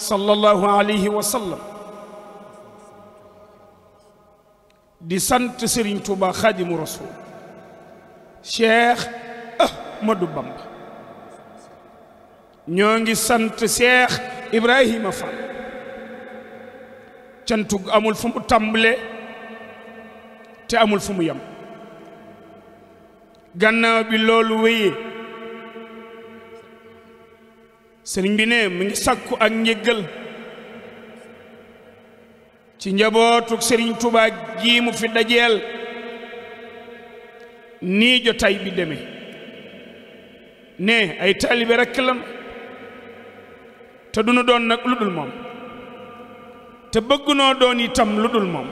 sallallahu alayhi wa sallam di sant Serigne Touba Khadimu Rasul Cheikh Ahmadou Bamba ñoo ngi sant Cheikh Ibrahima Fall cantug amul fu mu tàmbale te amul fu mu yem gannaaw bi loolu wéyee sëriñ bi ne mu sakku ak njëggal ci njabootuk sëriñ Tuubaa gii mu fi dajeel nii jotaay bi deme ne ay taalibe rekk lam te duñu doon nag lu dul moom te bëggunoo noo doon itam lu dul moom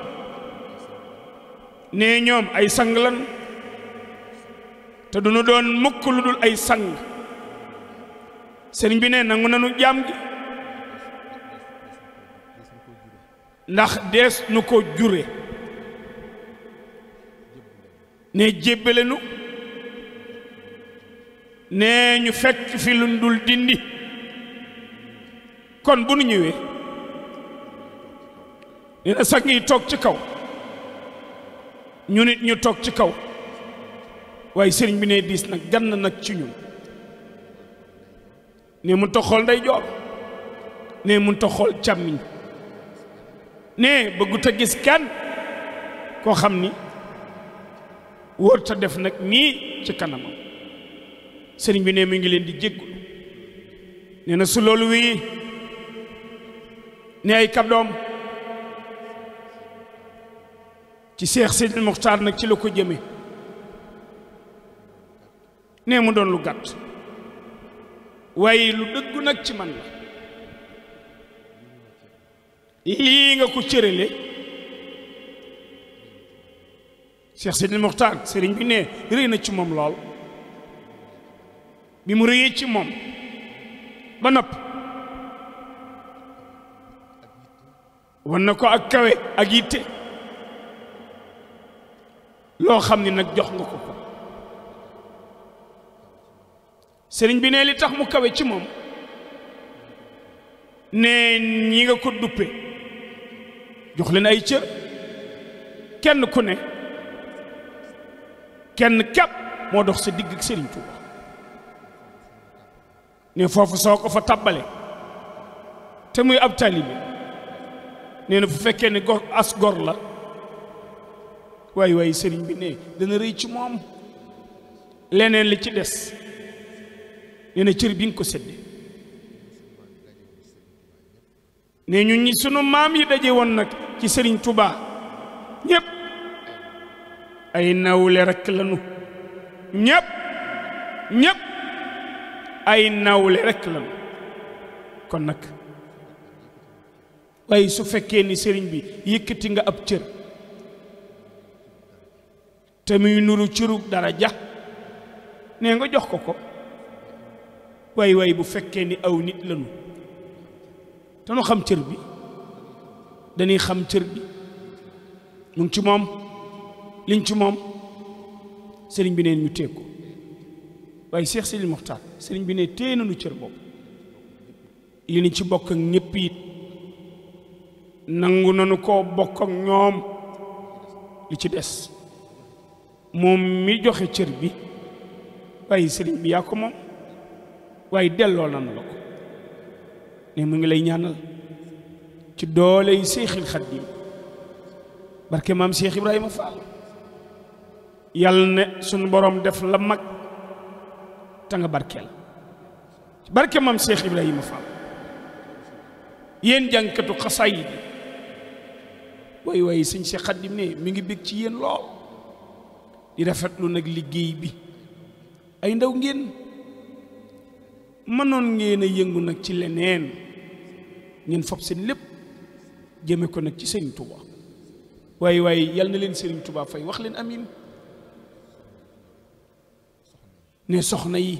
ne ñoom ay sang lan te duñu mukk lu dul ay sang sëriñ bi ne nangu nanu jaam gi ndax dees nu ko jure ne jébbale nu ne ñu fekk fi dindi kon bu nu ñëwee nee na sang toog ci kaw ñu nit ñu toog ci kaw waaye sëriñ bi ne diis nag gann nag ci ñun ne mu ta xool nday joor ne mun ta xool càmmiñ ne bëggut a gis kenn koo xam ni wóor ta def nag nii ci kanamam sëriñ bi ne mi ngi leen di jéggul nee na su loolu wii ne ay kàddoom ci Seex Sidil Muxtaar nag ci la ko jëme ne mu doon lu gàtt waaye lu dëggu nag ci man la lii nga ko cërale Cheikh Sidi Mokhtar sëriñ bi ne rëy na ci moom lool bi mu rëyee ci moom ba nopp wan na ko ak kawe ak yitte loo xam ni nag jox nga ko ko sëriñ bi ne li tax mu kawe ci moom ne ñi nga ko duppe jox leen ay cër kenn ku ne kenn képp moo dox sa digg ak sëriñ Tuuba ne foofu soo ko fa tabbale te muy ab taalibe nee na fu fekkee ne gor as gor la waaye waaye sëriñ bi ne dana rëy ci moom leneen li ci des nee na cër bi nga ko sédde ne ñun ñi sunu maam yi daje woon nag ci sëriñ Touba ñëpp ay nawle rekk lañu ñëpp ñëpp ay nawule rekk lañu kon nag waaye su fekkee ni sëriñ bi yëkkati nga ab cër te muy nuru cërug dara ja nee nga jox ko ko waay waay bu fekkee ni aw nit lañu te nu xam cër bi dañuy xam cër bi mu ci moom liñ ci moom sëriñ bi neen ñu téeg ko waaye Cheikh Sidi Mokhtar sëriñ bi ne téye nañu cër boobu li ñu ci bokk ñépp ñëpp nangu nañu koo bokk ak ñoom li ci des moom mi joxe cër bi waaye sëriñ bi yaa ko moom waaye delloo nan la ko ne mu ngi lay ñaanal ci doole yi Seexil Xadiim barke maam Cheikh Ibrahima Fall yàlla ne suñu borom def la mag te nga barkeel barke maam Cheikh Ibrahima Fall yéen jànkatu xasaay yi way way sëñ Cheikh Xadiim ne mi ngi bég ci yéen lool di rafetlu nag liggéey bi ay ndaw ngeen. mënoon ngeen a yëngu nag ci leneen ngeen fab seen lépp jëme ko nag ci sëriñ Touba waaye waaye yal na leen sëriñ tubaab fay wax leen amin ne soxna yi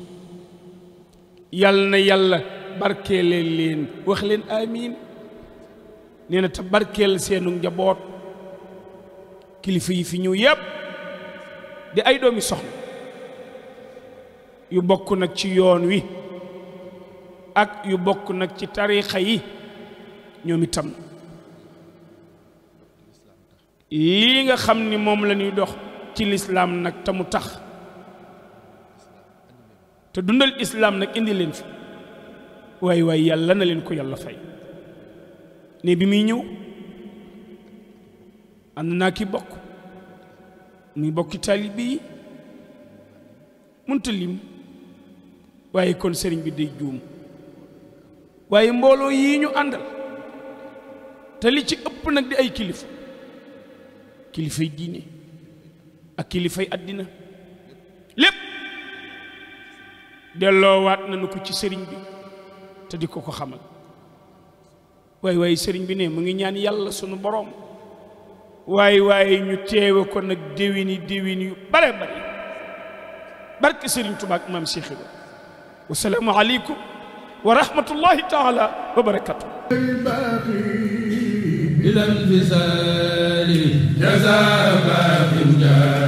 yal na yàlla barkeele leen wax leen amin nee na te barkeel seenu njaboot kilifa yi fi ñëw yépp di ay doomi soxna yu bokk nag ci yoon wi ak yu bokk nag ci tariixa yi ñoom itam lii nga xam ni moom la dox ci lislaam nag te tax te dundal islaam nag indi leen fi waay waay yàlla na leen ko yàlla fay ne bi muy ñëw ànd naa ki bokk muy bokki taalibe yi munta lim waaye kon sëriñ bi day juum waaye mbooloo yii ñu àndal te li ci ëpp nag di ay kilifa kilifay diine ak kilifay àddina lépp delloowaat nañu ko ci sëriñ bi te di ko ko xamal waay waaye sëriñ bi ne mu ngi ñaan yàlla sunu boroom waaye waaye ñu teewe ko nag déwéni déwén yu bare bare barke sëriñ Tuubaa ak maam Cheikh aleykum wa rahmatullahi taala wa barakatu إلى الانفصال جزاء باق جاء